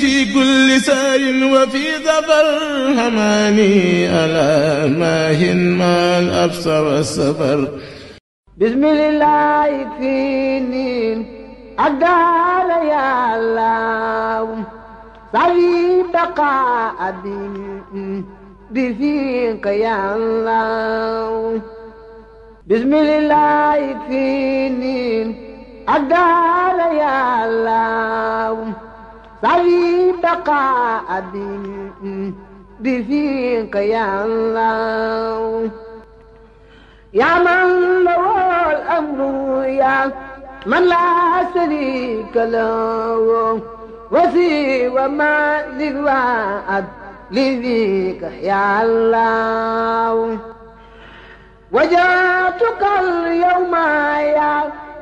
في كل سار وفي ظفر هماني ألا ماهٍ ما الأبصر والسفر بسم الله يكفيني أدار يا الله صلي بقاء بفيق يا الله بسم الله يكفيني أدار يا الله صلي تقع بفيك يا الله يا من له الأمر يا من لا شريك له وسوى ما للوعد لذيك يا الله وجاتك اليوم يا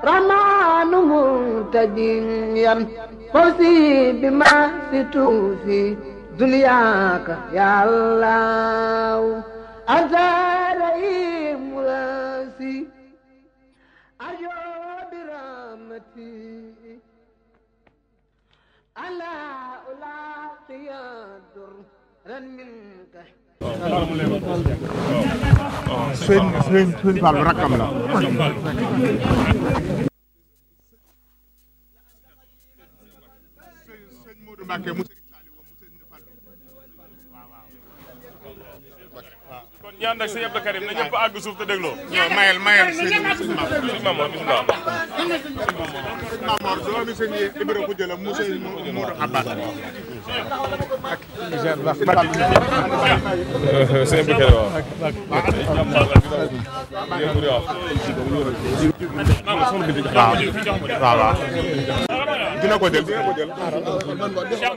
رمان منتديا فوزي بما ستوفي دنياك يا الله أنت رئيم راسي أجو برحمتي ألا ألاقي درا منك سوين سوين سوين فالو رقم لا Mbacke mu Serigne Saliou mu Serigne Fallou waaw waaw kon ñaan nag sëñ Abdou Karim na ñëpp àgg suuf te dégloo non mayel mayel sëñ Mamor sëñ Mamor doomi sëñ Ibra ko jëlam mu sëñ Modou Abad waaw dina ko jël dina ko jël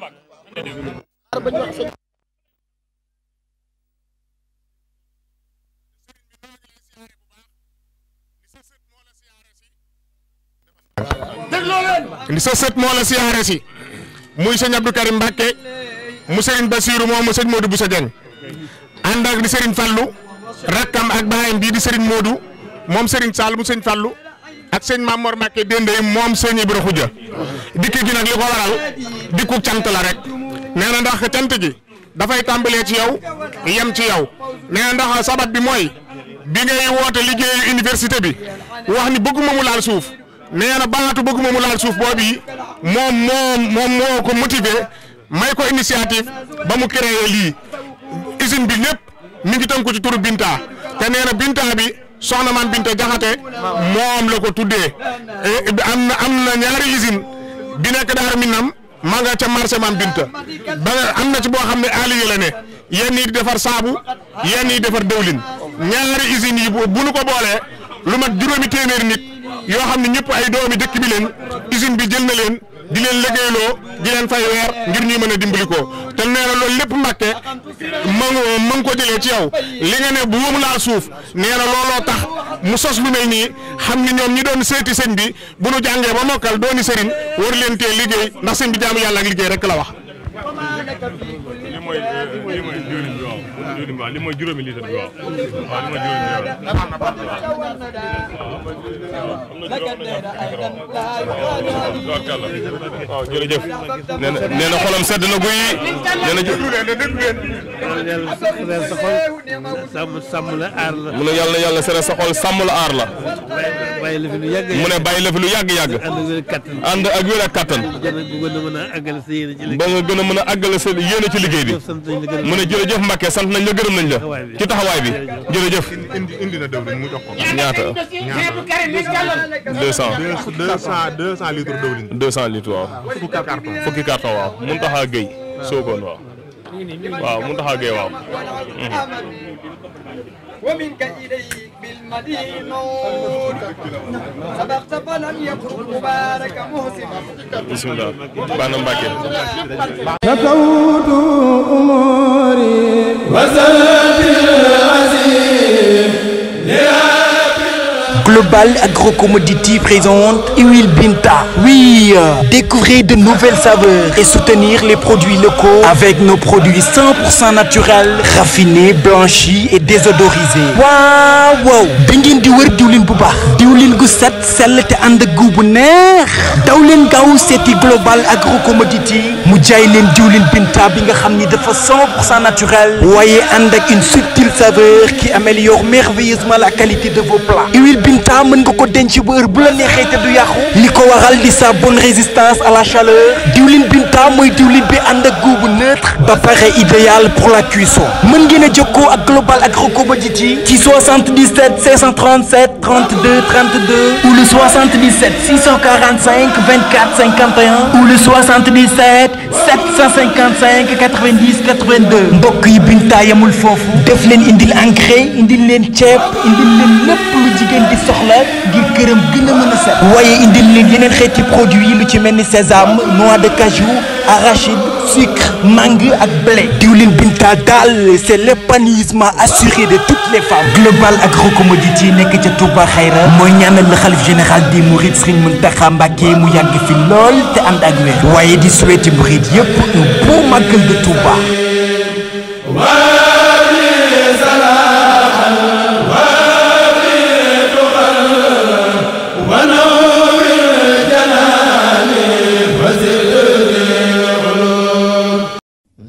déglu leen li sa sët moo la siyaare si muy sëñ Abdou Karim Mbacke mu sëriñ Bassirou moom mu sëñ Modou Boussa Diagne ànd ak di sëriñ Fallou rakkam ak baayam bii di sëriñ Modou moom sëriñ Sall mu sëñ Fallou ak sëñ Mamor Mbacke dende moom bi Ibra Xuja dikk gi nag li ko waral dikku cant la rek nee na ndax cant gi dafay tàmbalee ci yow yem ci yow nee na ndax sabat bi mooy bi ngay woote liggéeyu université bi wax ni bëgguma laal suuf. nee na baatu bëgguma mu laal suuf boobu yi moom moo moom moo ko motiver may ko initiative ba mu créé lii usine bi lépp mi ngi tënku ci turu Binta te nee na Binta bi soxna man Binta Jaxate moom la ko tuddee eh, am na am na ñaari usine bi nekk Daaru Minam maa nga ca marché man Binta am na ci boo xam ne Aliou la ne yenn yi di defar saabu yen yi defar dëwlin ñaari usines yi ko boolee lu mat juróomi téeméeri nit. yoo xam ne ñëpp ay doomi dëkk bi leen usine bi jël na leen di leen liggéeyloo di leen fay weer ngir ñuy mën a dimbali ko te nee na loolu lépp mbàkke ma ma ngi ci yow li nga ne bu wóomu laal suuf nee na looloo tax mu sos lu mel nii xam ni ñoom ñi doon seeti sëñ bi bu nu jàngee ba mokkal dooni sëriñ war leen tee liggéey ndax sëñ bi jaamu yàlla ak liggéey rek la wax. li waaw li mooy juróomi litre li mooy juróomi litre bi waaw. waaw jërëjëf. nee na xolam sedd na guy. nee na jël sa xol sàmm la aar la. mu ne la fi lu yàgg mu ne bàyyi la kattan. ba nga gën a mën a àggale sa ci liggéey bi. mu ne jërëjëf Mbacke sant nañ la nañ la ci taxawaay bi jërëjëf. indi indi na dëwlin mu jox ko. ñaata ñaata. deux cent. deux cent litres dëwlin. deux waaw. fukki carton fukki waaw mun géy waaw. waaw mun géy waaw. ومنك إليك بالمدينة سبقت فلم يكن مبارك مهزما بسم الله بانا مباكر نكوت wasal Global Agrocommodity présente Huile Binta. Oui, euh, découvrez de nouvelles saveurs et soutenir les produits locaux avec nos produits 100% naturels, raffinés, blanchis et désodorisés. waaw waaw da ngeen di wër diwlin bu baax. diwlin gu set sell te ànd ak gu bu neex. daw leen gaaw Global Agrocommodity mu jaay leen diwlin Binta bi nga xam ni dafa 100% naturel. waaye ànd ak une subtile saveur qui améliore merveilleusement la qualité de vos plats. temps mën nga ko denc ba heure bu la neexee te du yàqu li ko waral di sa bonne résistance à la chaleur diwlin Binta mooy diwlin bi ànd ak ba pare idéal pour la cuisson mën ngeen a jokkoo ak Global Agro Commodity ci 77 537 32 32 ou le 77 645 24 51 ou le 77 755 90 82 mbokk yi binta yamul foofu def leen indil engrais indil leen ceeb indil leen lépp lu jigéen di soxla ngir këram gën a mën a set waaye indil leen yeneen xeeti produit yi lu ci mel ni sésame noix de cajou arachide sucre mangue ak blé diwlin Binta daal c'est l'épanouissement assuré de toutes les femmes global ak Rokomoditi nekk ca Touba Xayra mooy ñaanal la xalif général des mourides Serigne Mountakha Mbacké mu yàgg fi lool te ànd ak wér waaye di souhaiter mouride yépp un beau magal de Touba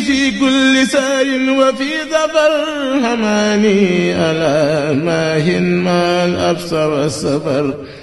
في كل سار وفي ظفر هماني ألا ماهن ما الأبصر السفر